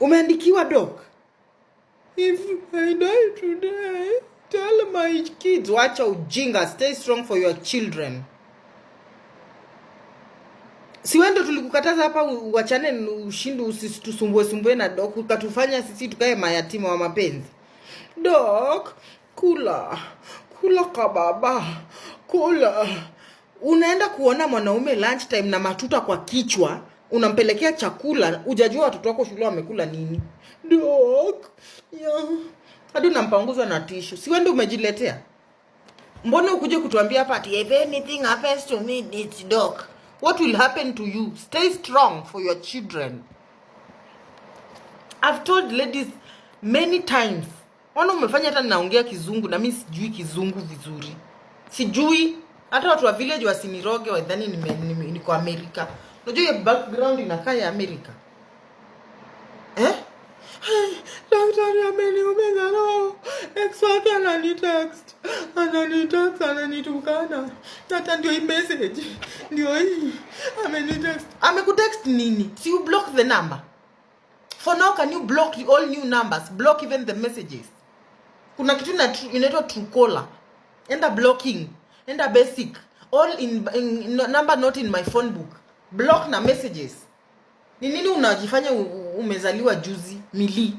Umeandikiwa doc. If I die today, tell my kids, wacha ujinga, stay strong for your children. Si wewe ndo tulikukataza hapa uachane ushindu usitusumbue sumbue na doc ukatufanya sisi tukae mayatima wa mapenzi. Doc, kula. Kula kababa. Kula. Unaenda kuona mwanaume lunch time na matuta kwa kichwa unampelekea chakula, ujajua watoto wako shule wamekula nini. Dok. Yeah. Hadi unampanguzwa na tishu. Si wewe umejiletea? Mbona ukuje kutuambia hapa ati if anything happens to me it's dok. What will happen to you? Stay strong for your children. I've told ladies many times. Ona umefanya hata ninaongea kizungu na mi sijui kizungu vizuri. Sijui hata watu wa village wasiniroge wadhani niko Amerika. Unajua background inakaa ya Amerika eh? Daktari ameniumiza roho, ex wake ananitext, ananitext, ananitukana. Hata ndio hii message ndio hii amenitext. Amekutext nini? Si you block the number for now? Can you block all new numbers, block even the messages? Kuna kitu inaitwa true caller. enda blocking, enda basic, all in, in, number not in my phone book block na messages. Ni nini unajifanya umezaliwa juzi mili?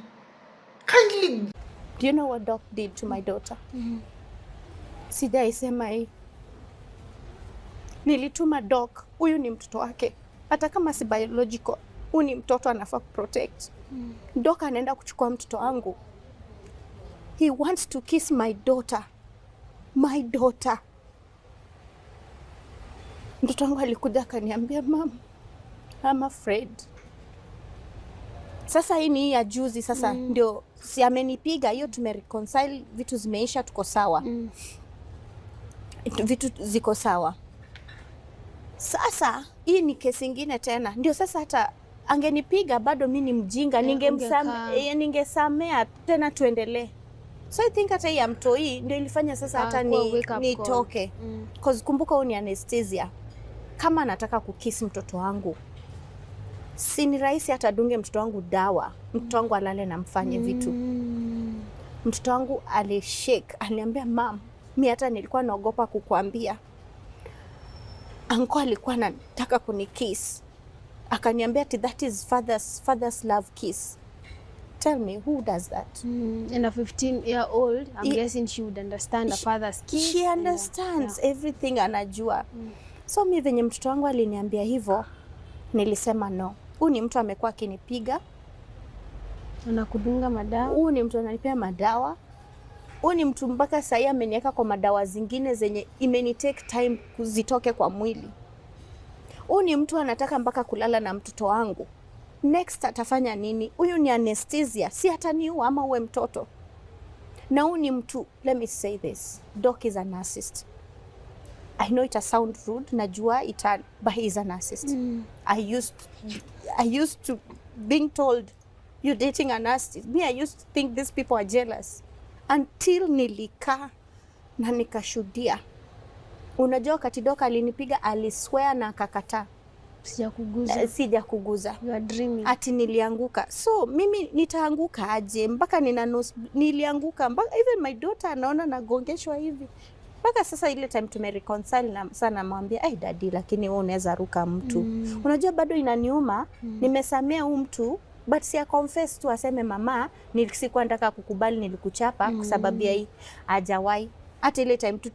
Kindly. Do you know what Doc did to my daughter? Mm -hmm. Sijaisema hii. Nilituma Doc, huyu ni mtoto wake, hata kama si biological, huyu ni mtoto anafaa kuprotect. Mm -hmm. Doc anaenda kuchukua mtoto wangu. He wants to kiss my daughter. My daughter. Mtoto wangu alikuja akaniambia, mama, I'm afraid. Sasa hii ni ya juzi sasa mm. Ndio si amenipiga hiyo, tumereconcile vitu, zimeisha tuko sawa mm. Vitu ziko sawa. Sasa hii ni kesi ingine tena, ndio sasa hata angenipiga bado mi ni mjinga eh, ningesamea eh, ningesamea tena tuendelee. So I think hata hii ya mtoi ndio ilifanya sasa ah, hata nitoke ni mm. Cause kumbuka huu ni anesthesia kama nataka kukisi mtoto wangu, si ni rahisi hata dunge mtoto wangu dawa, mtoto wangu alale na mfanye vitu mm. Mtoto wangu alishake, aliniambia mam, mi hata nilikuwa naogopa kukuambia. Anko alikuwa nataka kunikiss akaniambia that is father's, father's love kiss. Tell me who does that? Mm, and a 15 year old, I'm guessing she would understand a father's kiss. She understands everything, anajua mm. So mi venye mtoto wangu aliniambia hivyo, nilisema no, huu ni mtu amekuwa akinipiga, anakudunga madawa, huu ni mtu ananipea madawa, huu ni mtu mpaka sahii ameniweka kwa madawa zingine zenye imeni take time kuzitoke kwa mwili. Huu ni mtu anataka mpaka kulala na mtoto wangu. Next atafanya nini? Huyu ni anesthesia, si hataniua ama uwe mtoto. Na huu ni mtu, let me say this, Doc is a narcissist. I know a sound rude, najua ita but he's an narcissist. Mm. I used I used to being told you're dating a narcissist. Me, I used to think these people are jealous until nilikaa na nikashuhudia. Unajua, wakati Doka alinipiga aliswear na akakataa sija kuguza, eh, sija kuguza. You are dreaming. Ati nilianguka, so mimi nitaanguka aje? Mpaka nina nos, nilianguka mpaka even my daughter anaona nagongeshwa hivi mpaka sasa ile time tumereconcile na sana, namwambia ai, dadi, lakini wewe unaweza ruka mtu mm. Unajua bado inaniuma mm. Nimesamea huyu mtu but si confess tu aseme mama, nilisikuwa nataka kukubali, nilikuchapa mm. kwa sababu ya hii mm. ajawai hata ile time tu